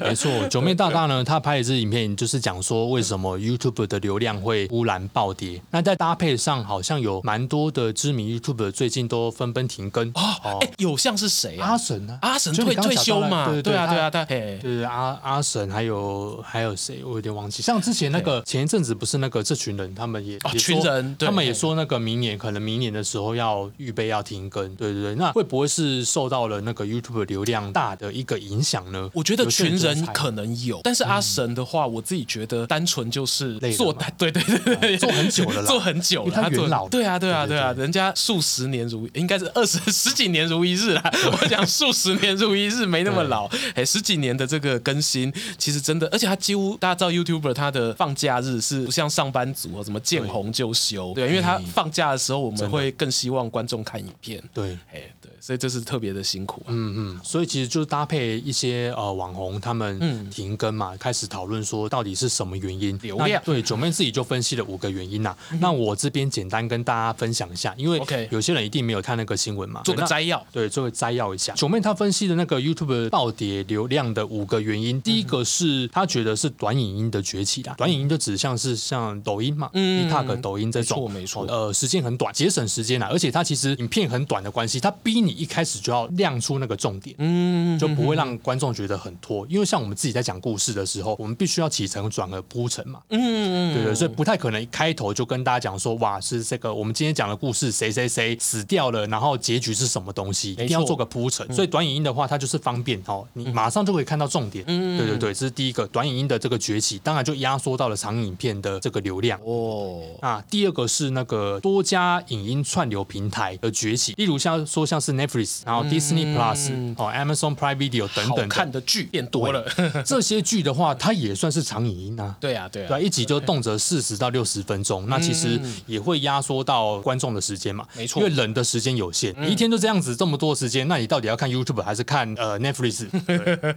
沒錯，Joeman 大大。那他，他拍的一支影片，就是講說為什麼 YouTube 的流量會忽然暴跌。那在搭配上，好像有蠻多的知名 YouTuber 最近都紛紛停更哦，哦，哎、欸，有像是誰啊？阿神、啊、阿神退退休嘛？對啊對，對啊，他，他他 hey. 對阿阿神還有還有誰？我有點忘記。像之前那個、hey. 前一陣子不是那個這群人，他們也、oh, 也群人，他們也說那個明年、hey. 可能明年的時候要預備要停更，對對對。那會不會是受到了那個 YouTube 流量大的一個影響呢？我覺得群人可能有，但但是阿神的話、嗯，我自己覺得單純就是做，對對對對、啊做，做很久了，他他做很久了，做很老，對啊對啊對啊，對啊對對對，人家數十年如應該是二十十幾年如一日了。我想數十年如一日沒那麼老，哎十幾年的這個更新，其實真的，而且他幾乎大家知道 YouTuber 他的放假日是不像上班族，怎麼見紅就休對，對，因為他放假的時候，我們會更希望觀眾看影片，對，哎對，對，所以這是特別的辛苦、啊，嗯嗯，所以其實就是搭配一些呃網紅，他們停更嘛、嗯。啊，開始討論說到底是什麼原因流量？對，九 妹自己就分析了五個原因吶、啊。那我這邊簡單跟大家分享一下，因為有些人一定沒有看那個新聞嘛，做個摘要，對，做個摘要一下。九妹她分析的那個 YouTube 暴跌流量的五個原因，嗯、第一個是她覺得是短影音的崛起啦，嗯、短影音就指向是像抖音嘛，TikTok、嗯、抖音這種，沒錯，沒錯。呃，時間很短，節省時間啦，而且它其實影片很短的關係，它逼你一開始就要亮出那個重點，嗯，就不會讓觀眾覺得很拖、嗯，因為像我們自己在講故事。的時候，我們必須要起承轉合鋪陳嘛，嗯，對對，所以不太可能一開頭就跟大家講說哇，是這個我們今天講的故事誰誰誰死掉了，然後結局是什麼東西，一定要做個鋪陳，嗯。所以短影音的話，它就是方便哦，你馬上就可以看到重點。嗯，對對對，這是第一個短影音的這個崛起，當然就壓縮到了長影片的這個流量哦。啊，第二個是那個多家影音串流平台的崛起，例如像說像是 Netflix，然後 Disney Plus，嗯、哦 Amazon Prime Video 等等，看的劇變多了，這些劇。的話，它也算是長影音啊。對啊，對啊。對啊，一集就動輒四十到六十分鐘，那其實也會壓縮到觀眾的時間嘛。沒、嗯、錯，因為人的時間有限，你一天就這樣子這麼多時間、嗯，那你到底要看 YouTube 還是看呃 Netflix？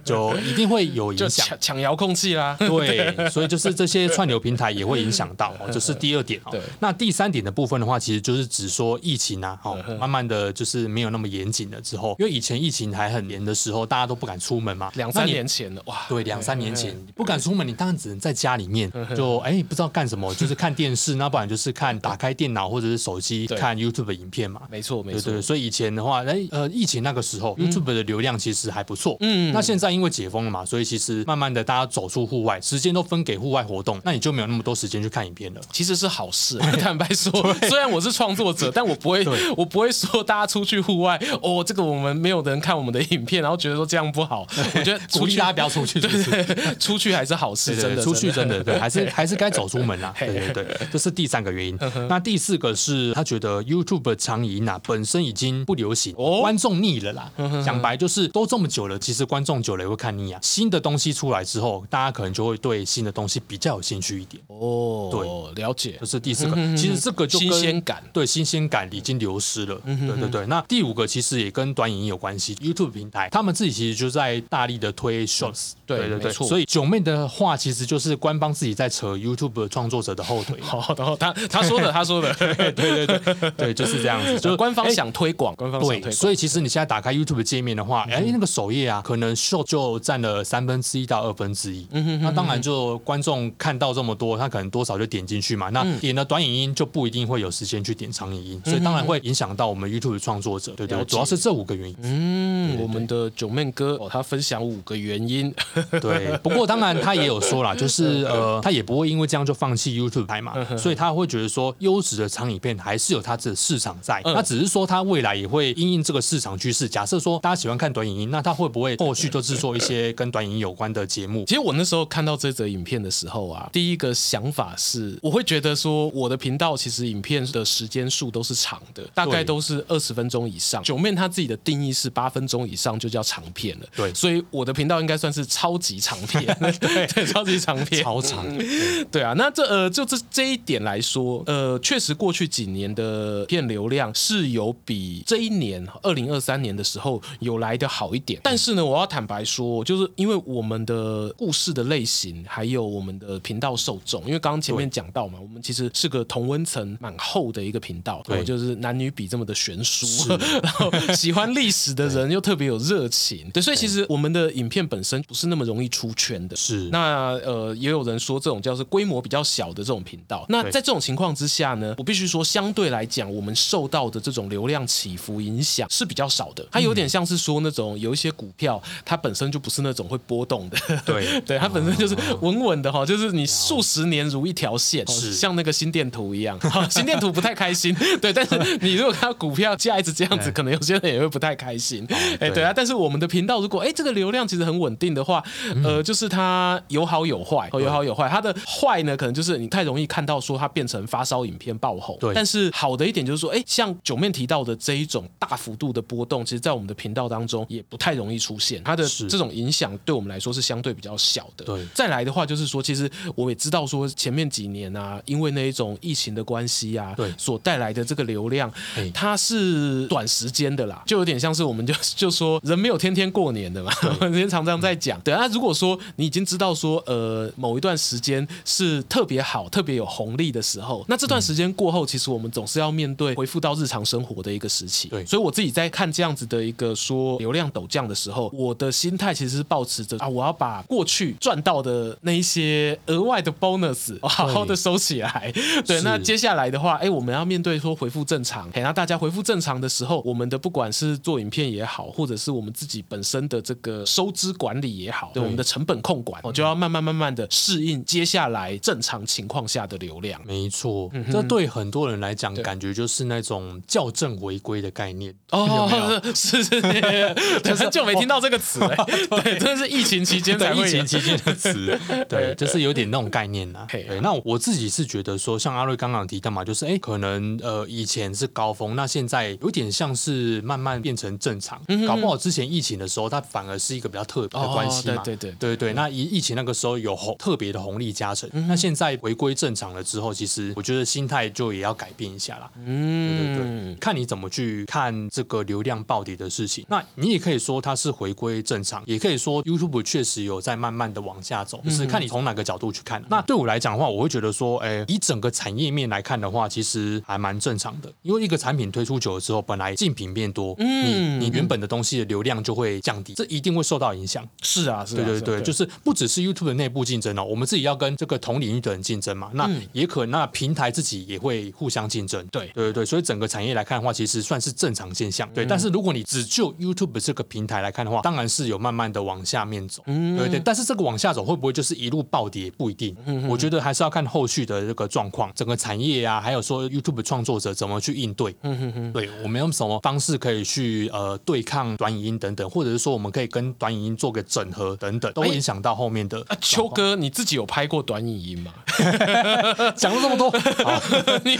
就一定會有影響。搶搶遙控器啦對對。對，所以就是這些串流平台也會影響到，這、就是第二點啊。對。那第三點的部分的話，其實就是指說疫情啊，哦，慢慢的就是沒有那麼嚴謹了之後，因為以前疫情還很嚴的時候，大家都不敢出門嘛。兩三年前了哇。對，兩三年前。不敢出門，你當然只能在家裡面，就哎、欸、不知道幹什麼，就是看電視，那不然就是看打開電腦或者是手機看 YouTube 的影片嘛。沒錯沒錯，所以以前的話，哎、欸、呃疫情那個時候、嗯、YouTube 的流量其實還不錯。嗯。那現在因為解封了嘛，所以其實慢慢的大家走出戶外，時間都分給戶外活動，那你就沒有那麼多時間去看影片了。其實是好事、欸。坦白說，雖然我是創作者，但我不會我不會說大家出去戶外哦，這個我們沒有人看我們的影片，然後覺得說這樣不好。我覺得鼓勵大家不要出去。 出去還是好事， 真的出去真的，真的對，對，還是還是該走出門啊。 對對對，這、就是第三個原因。 那第四個是，他覺得 YouTube 長影音那、啊、本身已經不流行，哦、觀眾膩了啦。講 白就是，都這麼久了，其實觀眾久了也會看膩啊。新的東西出來之後，大家可能就會對新的東西比較有興趣一點。哦，對，了解，這、就是第四個。 其實這個就新鮮感，對新鮮感已經流失了。 對對對，那第五個其實也跟短影音有關係。YouTube 平台他們自己其實就在大力的推 Shorts 對對對，Joeman 的話其實就是官方自己在扯 YouTube 的創作者的後腿 好好的。好，然後他他說的他說的， 說的說的 對對對對， 對，就是這樣子。就、是、就官方想推廣、欸，官方想推廣對。所以其實你現在打開 YouTube 界面的話，哎、嗯欸，那個首頁啊，可能 show 就佔了三分之一到二分之一。那當然就觀眾看到這麼多，他可能多少就點進去嘛。那點了短影音就不一定會有時間去點長影音，所以當然會影響到我們 YouTube 創作者。對對、對，主要是這五個原因。嗯，對對對我們的 Joeman 哥哦，他分享五個原因。對。 不過當然，他也有說啦，就是呃，他也不會因為這樣就放棄 YouTube 拍嘛，所以他會覺得說優質的長影片還是有它的市場在。那只是說他未來也會因應這個市場趨勢。假設說大家喜歡看短影音，那他會不會後續就制作一些跟短影有關的節目？其實我那時候看到這則影片的時候啊，第一個想法是，我會覺得說我的頻道其實影片的時間數都是長的，大概都是二十分鐘以上。Joeman 他自己的定義是八分鐘以上就叫長片了，對，所以我的頻道應該算是超級長。片 對，對，超級長片，超長對。對啊，那這呃，就這這一點來說，呃，確實過去幾年的片流量是有比這一年二零二三年的時候有來的好一點。嗯。但是呢，我要坦白說，就是因為我們的故事的類型，還有我們的頻道受眾，因為剛剛前面講到嘛，我們其實是個同溫層蠻厚的一個頻道，對，就是男女比這麼的懸殊，然後喜歡歷史的人又特別有熱情對，對，所以其實我們的影片本身不是那麼容易出。全的是那呃，也有人說這種叫做規模比較小的這種頻道。那在這種情況之下呢，我必須說，相對來講，我們受到的這種流量起伏影響是比較少的。嗯。它有點像是說那種有一些股票，它本身就不是那種會波動的。對 對，它本身就是穩穩的哈，就是你數十年如一條線，像那個心電圖一樣。哈，心電圖不太開心。對，但是你如果看到股票價一直這樣子，欸，可能有些人也會不太開心。哎、啊欸，對啊。但是我們的頻道如果哎、欸、這個流量其實很穩定的話，呃。嗯就是它有好有壞、哦，有好有壞。它的壞呢，可能就是你太容易看到說它變成發燒影片爆紅。對，但是好的一點就是說，哎，像 Joeman 提到的這一種大幅度的波動，其實，在我們的頻道當中也不太容易出現。它的這種影響對我們來說是相對比較小的。對，再來的話就是說，其實我也知道說前面幾年啊，因為那一種疫情的關係啊，對，所帶來的這個流量，它是短時間的啦，就有點像是我們就就說人沒有天天過年的嘛，人 常常在講。嗯、對啊，如果說你已經知道說，呃，某一段時間是特別好，特別有紅利的時候。那這段時間過後，嗯、其實我們總是要面對恢復到日常生活的一個時期。對，所以我自己在看這樣子的一個說流量陡降的時候，我的心態其實是抱持著啊，我要把過去賺到的那一些額外的 bonus 好好的收起來。 對，那接下來的話，哎，我們要面對說恢復正常。哎，那大家恢復正常的時候，我們的不管是做影片也好，或者是我們自己本身的這個收支管理也好，對我們的成本控管，我就要慢慢慢慢的適應接下來正常情況下的流量。沒錯，嗯、這對很多人來講，感覺就是那種校正回歸的概念。哦，是是是，可是，是、是、 就是就、哦、就沒聽到這個詞、欸哦、對，對，真的是疫情期間的，疫情期間的詞，對 對。對，就是有點那種概念吶、啊。那我自己是覺得說，像阿瑞剛剛提到嘛，就是哎，可能呃以前是高峰，那現在有點像是慢慢變成正常、嗯哼哼。搞不好之前疫情的時候，它反而是一個比較特別的、哦、關係嘛。對對對。對對，那疫疫情那個時候有紅特別的紅利加成、嗯。那現在回歸正常了之後，其實我覺得心態就也要改變一下啦。嗯，對對對，看你怎麼去看這個流量暴跌的事情。那你也可以說它是回歸正常，也可以說 YouTube 確實有在慢慢的往下走，嗯就是看你從哪個角度去看、嗯。那對我來講的話，我會覺得說，哎，以整個產業面來看的話，其實還蠻正常的。因為一個產品推出久了之後，本來競品變多，嗯、你你原本的東西的流量就會降低，這一定會受到影響。是啊，是啊，對對對。就是不只是 YouTube 的內部競爭哦，我們自己要跟這個同領域的人競爭嘛，那也可，那平台自己也會互相競爭。對對對，所以整個產業來看的話，其實算是正常現象。對，但是如果你只就 YouTube 這個平台來看的話，當然是有慢慢的往下面走。對對，但是這個往下走會不會就是一路暴跌？不一定，我覺得還是要看後續的這個狀況，整個產業啊，還有說 YouTube 創作者怎麼去應對。嗯，對，我們用什麼方式可以去呃對抗短影音等等，或者是說我們可以跟短影音做個整合等等，都。影響到後面的秋哥，你自己有拍過短影音嗎？講 了這麼多， 哦、你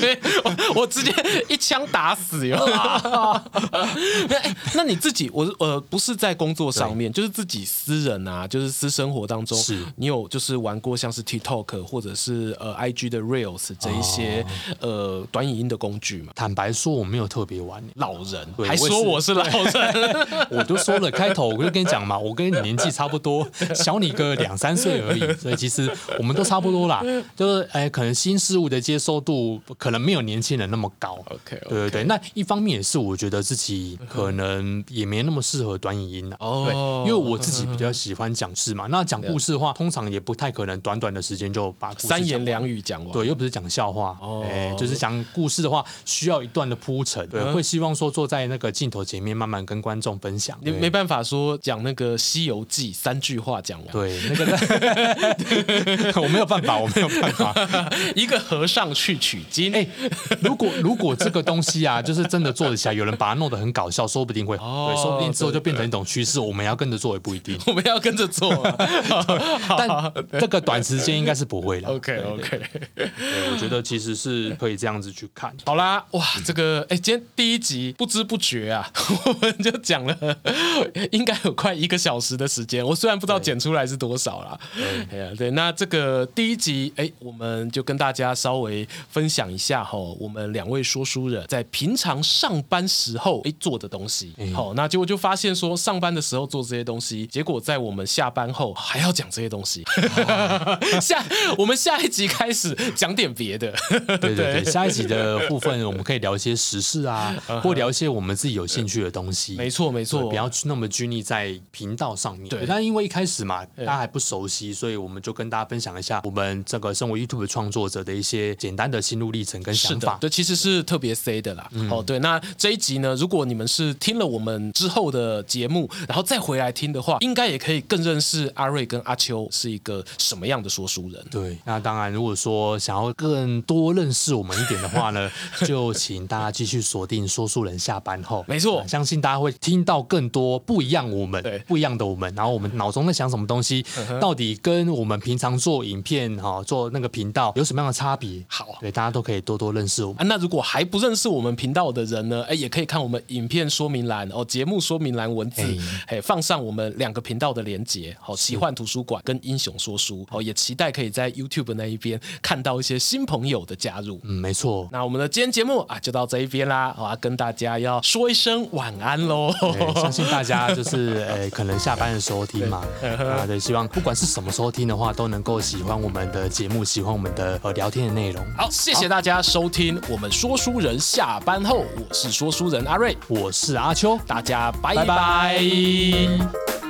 我，我直接一槍打死喲、 欸！那你自己，我呃不是在工作上面，就是自己私人啊，就是私生活當中，你有就是玩過像是 TikTok 或者是呃 IG 的 Reels 這一些、哦、呃短影音的工具嗎？坦白說，我沒有特別玩。老人還說我是老人， 我都說了開頭，我就跟你講嘛，我跟你年紀差不多。 小你個兩三歲而已，所以其實我們都差不多啦。就是哎，可能新事物的接受度可能沒有年輕人那麼高。OK，對、okay. 對對。那一方面也是，我覺得自己可能也沒那麼適合短影音的、啊。哦。對，因為我自己比較喜歡講事嘛、哦。那講故事的話，通常也不太可能短短的時間就把講三言兩語講完。對，又不是講笑話。哦。哎，就是講故事的話，需要一段的鋪陳、哦。對。會希望說坐在那個鏡頭前面，慢慢跟觀眾分享。嗯、你沒辦法說講那個《西遊記》三句話。講完。對，那個 我沒有辦法，我沒有辦法。 一個和尚去取經。哎，如果如果這個東西啊，就是真的做得起來，有人把它弄得很搞笑，說不定會、哦，對，說不定之後就變成一種趨勢。我們要跟着做也不一定，我們要跟着做。 但這個短時間應該是不會的。OK OK，我覺得其實是可以這樣子去看。好啦，哇、嗯，這個哎、欸，今天第一集不知不覺啊，我們就講了應該有快一個小時的時間。我雖然不知道剪。出來是多少啦？哎、嗯、呀，對，那這個第一集，哎，我們就跟大家稍微分享一下哈，我們兩位說書人在平常上班時候哎做的東西。好、嗯哦，那結果就發現說，上班的時候做這些東西，結果在我們下班後還要講這些東西、 哦。下，我們下一集開始講點別的。對對對，對，下一集的部分我們可以聊一些時事啊， 或聊一些我們自己有興趣的東西。沒、嗯、錯沒錯，沒錯，不要去那麼拘泥在頻道上面。對，那因為一開始嘛。嘛，大家還不熟悉，所以我們就跟大家分享一下我們這個身為 YouTube 創作者的一些簡單的心路歷程跟想法。對，其實是特別 C 的啦。哦、嗯，對，那這一集呢，如果你們是聽了我們之後的節目，然後再回來聽的話，應該也可以更認識阿瑞跟阿秋是一個什麼樣的說書人。對，那當然，如果說想要更多認識我們一點的話呢， 就請大家繼續鎖定《說書人下班後》。沒錯，相信大家會聽到更多不一樣我們，對，不一樣的我們，然後我們腦中在想什麼什麼東西、嗯、到底跟我們平常做影片，哈做那個頻道有什麼樣的差別？好、啊，對，大家都可以多多認識我們。啊、那如果還不認識我們頻道的人呢？哎、欸，也可以看我們影片說明欄哦，節、喔、目說明欄文字哎、欸欸、放上我們兩個頻道的連結。好、喔，奇幻圖書館跟英雄說書哦、喔，也期待可以在 YouTube 那一邊看到一些新朋友的加入。嗯，沒錯。那我們的今天節目啊，就到這一邊啦。好、啊，跟大家要說一聲晚安嘍、欸。相信大家就是哎，欸、 可能下班的時候聽嘛。啊，對，希望不管是什麼時候聽的話，都能夠喜歡我們的節目，喜歡我們的呃聊天的內容。好，謝謝大家收聽我們說書人下班後，我是說書人阿瑞，我是阿秋，大家拜拜。拜拜。